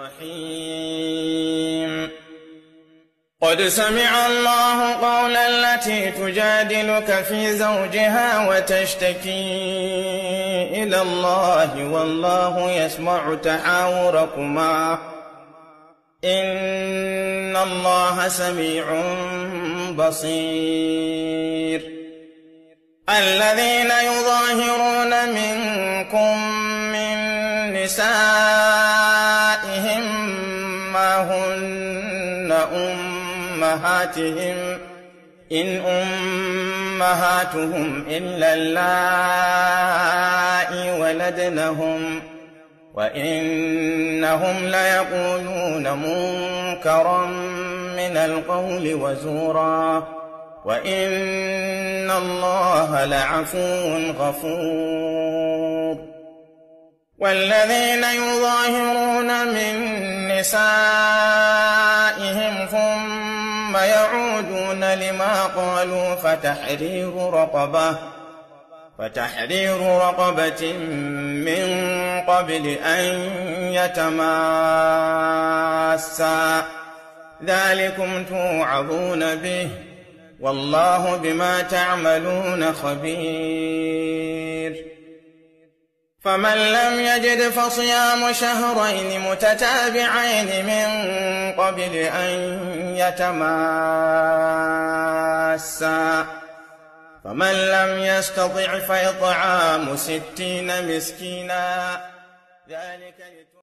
الرحيم قد سمع الله قول التي تجادلك في زوجها وتشتكي إلى الله والله يسمع تحاوركما إن الله سميع بصير الذين يظاهرون منكم من نسائهم أمهاتهم إن أمهاتهم إلا اللائي ولدنهم وإنهم ليقولون منكرا من القول وزورا وإن الله لعفو غفور والذين يظاهرون من نسائهم ثم يعودون لما قالوا فتحرير رقبة فتحرير رقبة من قبل أن يتماسا ذلكم توعظون به والله بما تعملون خبير فمن لم يجد فصيام شهرين متتابعين من قبل أن يتماسا فمن لم يستطع فإطعام ستين مسكينا ذلك لتنفق